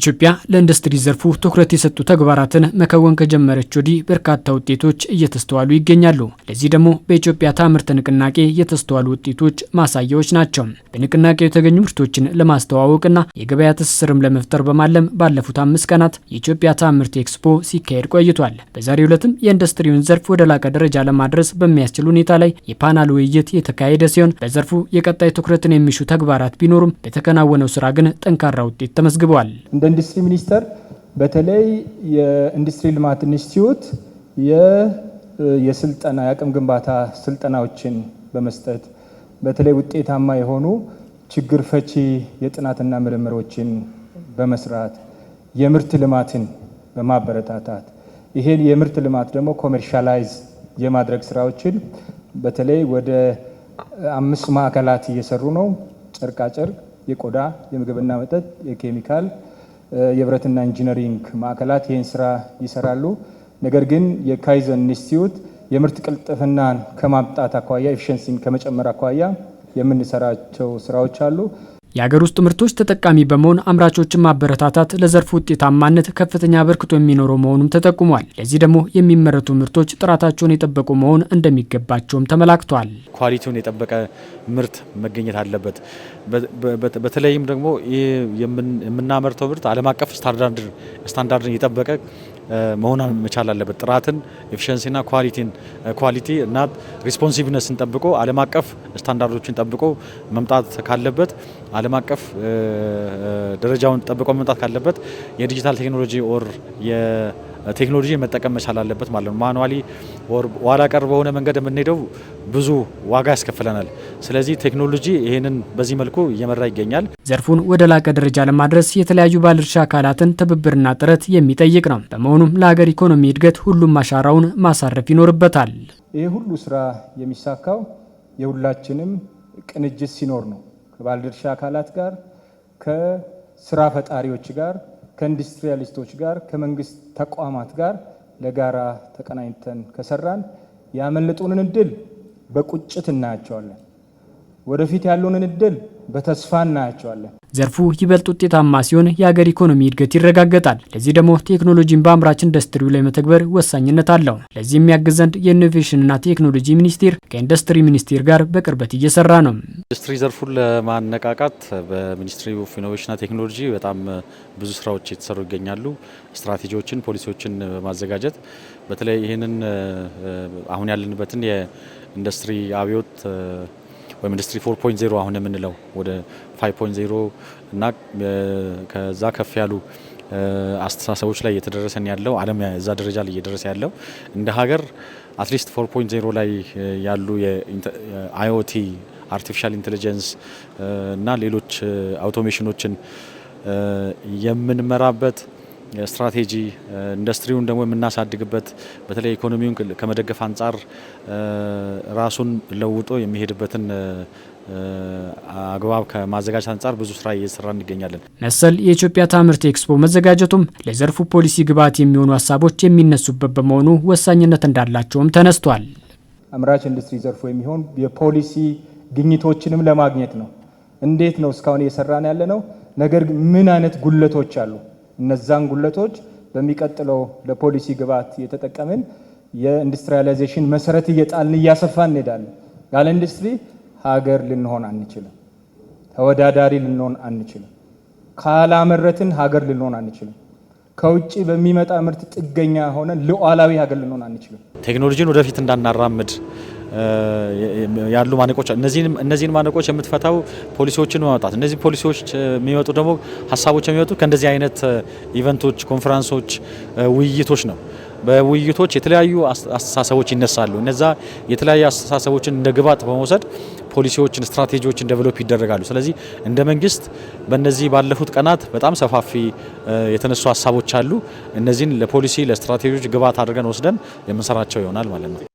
ኢትዮጵያ ለኢንዱስትሪ ዘርፉ ትኩረት የሰጡ ተግባራትን መከወን ከጀመረች ወዲህ በርካታ ውጤቶች እየተስተዋሉ ይገኛሉ። ለዚህ ደግሞ በኢትዮጵያ ታምርት ንቅናቄ የተስተዋሉ ውጤቶች ማሳያዎች ናቸው። በንቅናቄው የተገኙ ምርቶችን ለማስተዋወቅና የገበያ ትስስርም ለመፍጠር በማለም ባለፉት አምስት ቀናት የኢትዮጵያ ታምርት ኤክስፖ ሲካሄድ ቆይቷል። በዛሬው ዕለትም የኢንዱስትሪውን ዘርፍ ወደ ላቀ ደረጃ ለማድረስ በሚያስችል ሁኔታ ላይ የፓናል ውይይት የተካሄደ ሲሆን በዘርፉ የቀጣይ ትኩረትን የሚሹ ተግባራት ቢኖሩም በተከናወነው ስራ ግን ጠንካራ ውጤት ተመዝግበዋል። በኢንዱስትሪ ሚኒስቴር በተለይ የኢንዱስትሪ ልማት ኢንስቲትዩት የስልጠና የአቅም ግንባታ ስልጠናዎችን በመስጠት በተለይ ውጤታማ የሆኑ ችግር ፈቺ የጥናትና ምርምሮችን በመስራት የምርት ልማትን በማበረታታት ይሄን የምርት ልማት ደግሞ ኮሜርሻላይዝ የማድረግ ስራዎችን በተለይ ወደ አምስት ማዕከላት እየሰሩ ነው። ጨርቃጨርቅ፣ የቆዳ፣ የምግብና መጠጥ፣ የኬሚካል የብረትና ኢንጂነሪንግ ማዕከላት ይህን ስራ ይሰራሉ። ነገር ግን የካይዘን ኢንስቲትዩት የምርት ቅልጥፍናን ከማምጣት አኳያ ኤፊሽንሲን ከመጨመር አኳያ የምንሰራቸው ስራዎች አሉ። የአገር ውስጥ ምርቶች ተጠቃሚ በመሆን አምራቾችን ማበረታታት ለዘርፉ ውጤታማነት ከፍተኛ አበርክቶ የሚኖረው መሆኑም ተጠቁሟል። ለዚህ ደግሞ የሚመረቱ ምርቶች ጥራታቸውን የጠበቁ መሆን እንደሚገባቸውም ተመላክቷል። ኳሊቲውን የጠበቀ ምርት መገኘት አለበት። በተለይም ደግሞ የምናመርተው ምርት ዓለም አቀፍ ስታንዳርድን የጠበቀ መሆን መቻል አለበት። ጥራትን፣ ኤፊሽንሲና ኳሊቲን ኳሊቲ እና ሪስፖንሲቭነስን ጠብቆ ዓለም አቀፍ ስታንዳርዶችን ጠብቆ መምጣት ካለበት ዓለም አቀፍ ደረጃውን ጠብቆ መምጣት ካለበት የዲጂታል ቴክኖሎጂ ኦር ቴክኖሎጂ መጠቀም መቻል አለበት ማለት ነው። ማኑዋሊ ኋላ ቀር በሆነ መንገድ የምንሄደው ብዙ ዋጋ ያስከፍለናል። ስለዚህ ቴክኖሎጂ ይህንን በዚህ መልኩ እየመራ ይገኛል። ዘርፉን ወደ ላቀ ደረጃ ለማድረስ የተለያዩ ባለድርሻ አካላትን ትብብርና ጥረት የሚጠይቅ ነው። በመሆኑም ለሀገር ኢኮኖሚ እድገት ሁሉም አሻራውን ማሳረፍ ይኖርበታል። ይህ ሁሉ ስራ የሚሳካው የሁላችንም ቅንጅት ሲኖር ነው። ከባለድርሻ አካላት ጋር፣ ከስራ ፈጣሪዎች ጋር፣ ከኢንዱስትሪያሊስቶች ጋር፣ ከመንግስት ተቋማት ጋር ለጋራ ተቀናኝተን ከሰራን ያመለጡንን እድል በቁጭት እናያቸዋለን። ወደፊት ያሉንን እድል በተስፋ እናያቸዋለን። ዘርፉ ይበልጥ ውጤታማ ሲሆን የሀገር ኢኮኖሚ እድገት ይረጋገጣል። ለዚህ ደግሞ ቴክኖሎጂን በአምራች ኢንዱስትሪው ላይ መተግበር ወሳኝነት አለው። ለዚህ የሚያግዝ ዘንድ የኢኖቬሽንና ቴክኖሎጂ ሚኒስቴር ከኢንዱስትሪ ሚኒስቴር ጋር በቅርበት እየሰራ ነው። ኢንዱስትሪ ዘርፉን ለማነቃቃት በሚኒስትሪ ኦፍ ኢኖቬሽንና ቴክኖሎጂ በጣም ብዙ ስራዎች የተሰሩ ይገኛሉ። ስትራቴጂዎችን፣ ፖሊሲዎችን በማዘጋጀት በተለይ ይህንን አሁን ያለንበትን የኢንዱስትሪ አብዮት ወይም ኢንዱስትሪ 4.0 አሁን የምንለው ወደ 5.0 እና ከዛ ከፍ ያሉ አስተሳሰቦች ላይ እየተደረሰን ያለው ዓለም እዛ ደረጃ ላይ እየደረሰ ያለው እንደ ሀገር አትሊስት 4.0 ላይ ያሉ የአይኦቲ አርቲፊሻል ኢንቴሊጀንስ እና ሌሎች አውቶሜሽኖችን የምንመራበት ስትራቴጂ ኢንዱስትሪውን ደግሞ የምናሳድግበት በተለይ ኢኮኖሚውን ከመደገፍ አንጻር ራሱን ለውጦ የሚሄድበትን አግባብ ከማዘጋጀት አንጻር ብዙ ስራ እየሰራ እንገኛለን። መሰል የኢትዮጵያ ታምርት ኤክስፖ መዘጋጀቱም ለዘርፉ ፖሊሲ ግብዓት የሚሆኑ ሀሳቦች የሚነሱበት በመሆኑ ወሳኝነት እንዳላቸውም ተነስቷል። አምራች ኢንዱስትሪ ዘርፉ የሚሆን የፖሊሲ ግኝቶችንም ለማግኘት ነው። እንዴት ነው እስካሁን እየሰራን ያለ ነው? ነገር ምን አይነት ጉለቶች አሉ እነዛን ጉለቶች በሚቀጥለው ለፖሊሲ ግብዓት የተጠቀምን የኢንዱስትሪያላይዜሽን መሰረት እየጣልን እያሰፋ እንሄዳለን። ያለ ኢንዱስትሪ ሀገር ልንሆን አንችልም። ተወዳዳሪ ልንሆን አንችልም። ካላመረትን ሀገር ልንሆን አንችልም። ከውጭ በሚመጣ ምርት ጥገኛ ሆነን ሉዓላዊ ሀገር ልንሆን አንችልም። ቴክኖሎጂን ወደፊት እንዳናራምድ ያሉ ማነቆች እነዚህን ማነቆች የምትፈታው ፖሊሲዎችን በማውጣት እነዚህ ፖሊሲዎች የሚወጡ ደግሞ ሀሳቦች የሚመጡ ከእንደዚህ አይነት ኢቨንቶች፣ ኮንፈረንሶች፣ ውይይቶች ነው። በውይይቶች የተለያዩ አስተሳሰቦች ይነሳሉ። እነዛ የተለያዩ አስተሳሰቦችን እንደ ግብዓት በመውሰድ ፖሊሲዎችን፣ ስትራቴጂዎችን ዴቨሎፕ ይደረጋሉ። ስለዚህ እንደ መንግስት በእነዚህ ባለፉት ቀናት በጣም ሰፋፊ የተነሱ ሀሳቦች አሉ። እነዚህን ለፖሊሲ ለስትራቴጂዎች ግብዓት አድርገን ወስደን የምንሰራቸው ይሆናል ማለት ነው።